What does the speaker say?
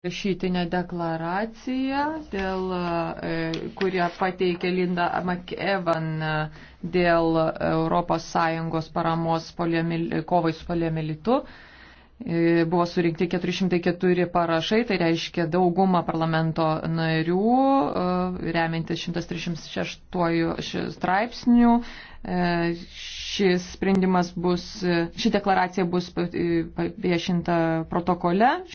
rašytinę deklaraciją, dėl, e, kurią pateikė Linda McEvan e, dėl ES paramos poliomil, kovai su poliomilitu. E, buvo surinkti 404 parašai, tai reiškia daugumą parlamento narių, remiantis 136 straipsnių. Šis sprendimas bus, ši deklaracija bus viešinta protokole.